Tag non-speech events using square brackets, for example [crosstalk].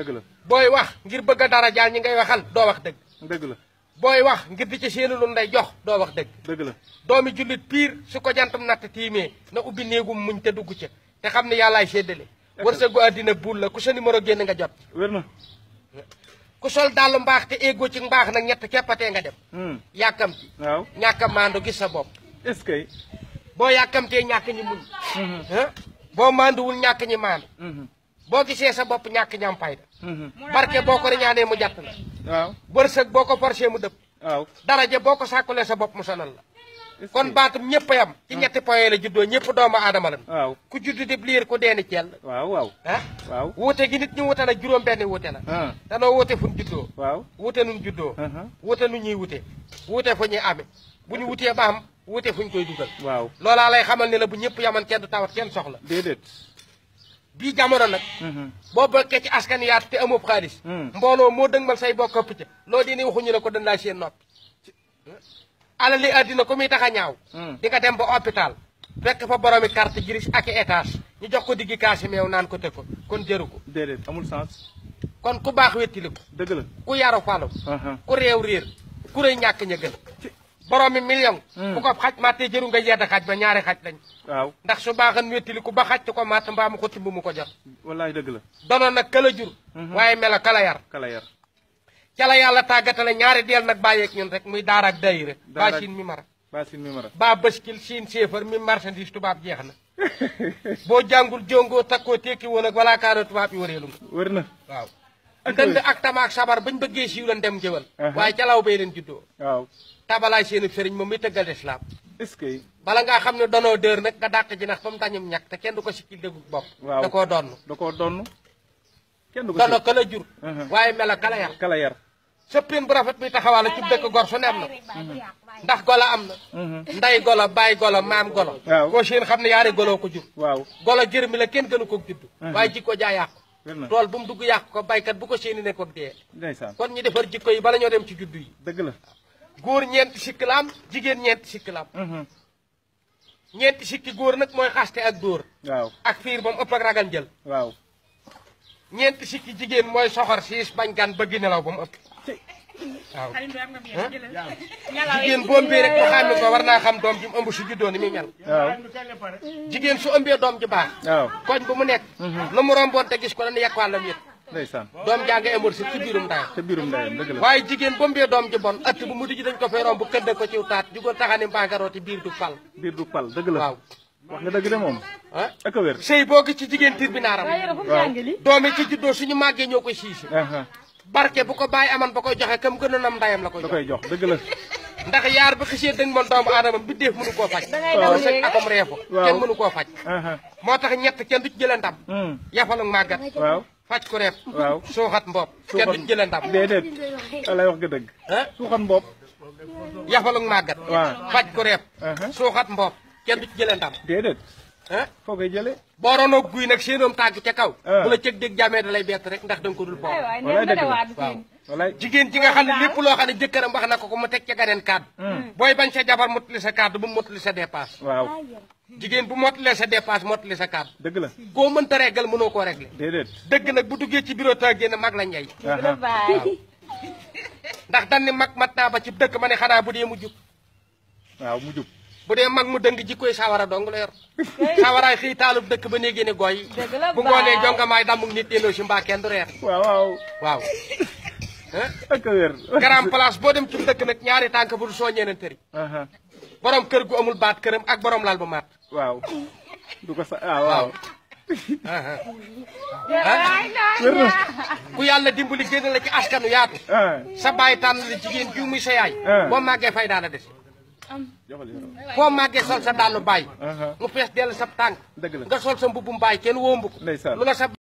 dëgg la booy wax ngir bëgg dara jaal ñi ngay waxal doo wax dëgg dëgg la booy wax ngir di ci seeni lu nday jox doo wax dëgg dëgg la doomi jullit piir su ko jantam natt tiimee na ubbi néegum muñ te dugg ca te xam ne yàllaay séddale wërsëgu àddina buul la ku sa numéro génn nga jot wér na ku sol dàllu mbaax te éggoo ci mbaax nag ñett keppatee nga dem hmm. yàkkamti waaw ñàkk a maandu gis sa bopp est-ce que boo yàkkamtee ñàkk ñi muñ hmm. boo maanduwul ñàkk ñi maandu hmm. boo gisee sa bopp ñàkk ñam fayda mm-hmm. barke boo ko riñaanee mu jàpp la waaw bërsëg boo ko forcé mu dëpp waaw daraja boo ko sàkkulee sa bopp mu sonal la kon baatum ñëpp a yam ci mm. ñetti poye la juddoo ñëpp doomu aadama la waaw ku juddu di liir ku deeni ceel waaw waaw ah waaw gi nit ñu wuute nag juróom benni wuute la danoo wuute fu ñu juddoo waaw wuute nun juddoo uh-huh. wuute nu ñuy wute wuute fu ñuy amee bu ñu wutee ba am wuute fu ñu koy dugal waaw loolaa lay xamal ne la bu ñëpp yaman kenn du tawat kenn soxla déedéet bii jamono nag mm-hmm. boo bokkee ci askan yaatu te amoo xaalis mm. mbooloo moo dëngmal say bokk pëcc loolu dina waxuñu ne ko dandaa seen noppi alal li àddina ko muy tax a ñaaw mm. di nga dem ba hôpital fekk fa boromi carte grise ak étage ñu jox ko diggi kaasi meew naan ko teg ko kon jëru ko déedéet amul kon ku baax wettili ko dëgg la ku yaru falu uh-huh. ku réew réer ku rëy ñàkk ña boroomi million bu hmm. ko xaj mattee jëru nga yedd xaj ba ñaari xaj lañ waaw ndax su baaxan wettili ku ba xaj ko maat mbaa mu ko timb mu ko jot wallaay dëgg la donoon nag kala hmm. waaye mela kala yar kala yar cala yàlla tàggatale ñaari deel nag bàyyeeg ñun rek muy daara ak dayire baa siin mi mara baa siin siin séefar mi marchandise tubaab jeex na [laughs] boo jàngul jongoo takkoo tekki woon ak walaa kaana tubaab yi wareelu nga wër na waaw dënd ak tamaak sabar bañ bëggee siiw lan dem jëwal uh-huh. waaye jalaaw bay leen juddoo waaw tabalaay seen sëriñ moom mi tëggal islaam est bala ngaa xam ne donoo dër nag nga dàq ji nax ba dañum ñàkk te kenn du ko sikkil dëggu bopp da koo donn da koo donn kenn du ko dono kala jur uh-huh. waaye mela kala yar kala yar sëppin bu rafet muy taxawaale ci dëkk gor su nem na uh-huh. ndax golo am na nday golo baay ko maam golo koo seen xam ne yaari golo ko jur waaw golo jërmi la kenn gënu ko judd waaye jikko jaa tool bu mu dugg yàq ko baykat bu ko seeni nekkoog dee kon ñu defar jikko yi bala ñoo dem ci juddu yi dëgg la góor ñeenti sikk jigéen ñeent sikk la am mm-hmm. ñeenti sikki góor nag mooy xaste ak dóor ak fiir ba mu ëpp ak ragal njël waaw ñeenti jigéen mooy soxor siis bañ gan bëgg nelaw ba ëpp waaw jigéen bu ëmbee rek ba xàmmi ko naa xam doom ji mu ëmb su juddoo ni muy mel. jigéen su ëmbee doom ji baax. waaw koñ bu mu nekk. Mhm. lu mu romboon te gis ko dañuy yekkwaan la mu yëg. ndeysaan doom jaa nga ëmbal si ci biirum ndayam ci biirum waaye jigéen ba mbee doom ji bon ëtt bu mu dijji dañ ko fay romb bu këdd ko ciw taat jugal taxani mbangarooti biir du fal biir du fal dëgg la waaw a wér sëy boo gis ci jigéen tiir bi naaram doomi ci juddoo suñu màggee ñoo koy siisi barke bu ko bàyyi aman ba koy joxe kam gënoon am ndayam la koy jox da koy jox dëgg la. ndax yaar ba xisee dañ mën doomu aadama bi def mënu koo faj. da ngay daw reefu kenn mënu koo faj. moo tax ñett kenn du ci jëlee ndam. Hmm. yafalu màggat. waaw faj ku reef. suuxat mboob. kenn du ci jëlee ndam déedéet lay wax nga dëgg. suuxat mboob. yafalu màggat. faj ku reef. suuxat mboob kenn du ci foo koy jëlee boo ronoog guy nag séenoom tàgg ca kaw ah. bu la cëg dégg jaamee da lay bett rek ndax danga ko dul boobu waaw jigéen ji nga xam ne lépp loo xam ne jëkkëram wax na ko ko mu teg ca ganeen kàddu hmm. booy bañ sa jabar mottali sa kàddu bu mottali sa dépasse waaw jigéen bu mottalee sa dépasse mottali sa kàddu dëgg la koo mënta régal mënoo koo réglé déedéet dëgg nag bu duggee ci bureau ta génn mag la ñay ndax dañ ni mag mat naa ba ci dëkk ma ne xanaa bu dee mu jub mu jub bu dee mag mu dëng jikkoy sawara dong la yor sawaraay xëy dëkk ba néegi ne goy bu ngoonee jongamaay damug nit delloo si mbaa kenn reer waaw waaw boo dem ci dëkk nag ñaari tànk bu du soo ñeenantëri borom kër gu amul baat këram ak borom lal bu maat waaw du ko sa ah, waaw [laughs] yàlla dimbali génn la ci askanu yaatu ah. sa baay tànn la jigéen jiw muy sa yaay ah. boo màggee fay daana des foo màggee sol sa dàllu bàyyi uh-huh. mu fees dell sa tànk nga sol sa mbubbum bàyyi kenn wóombu ko lu la sa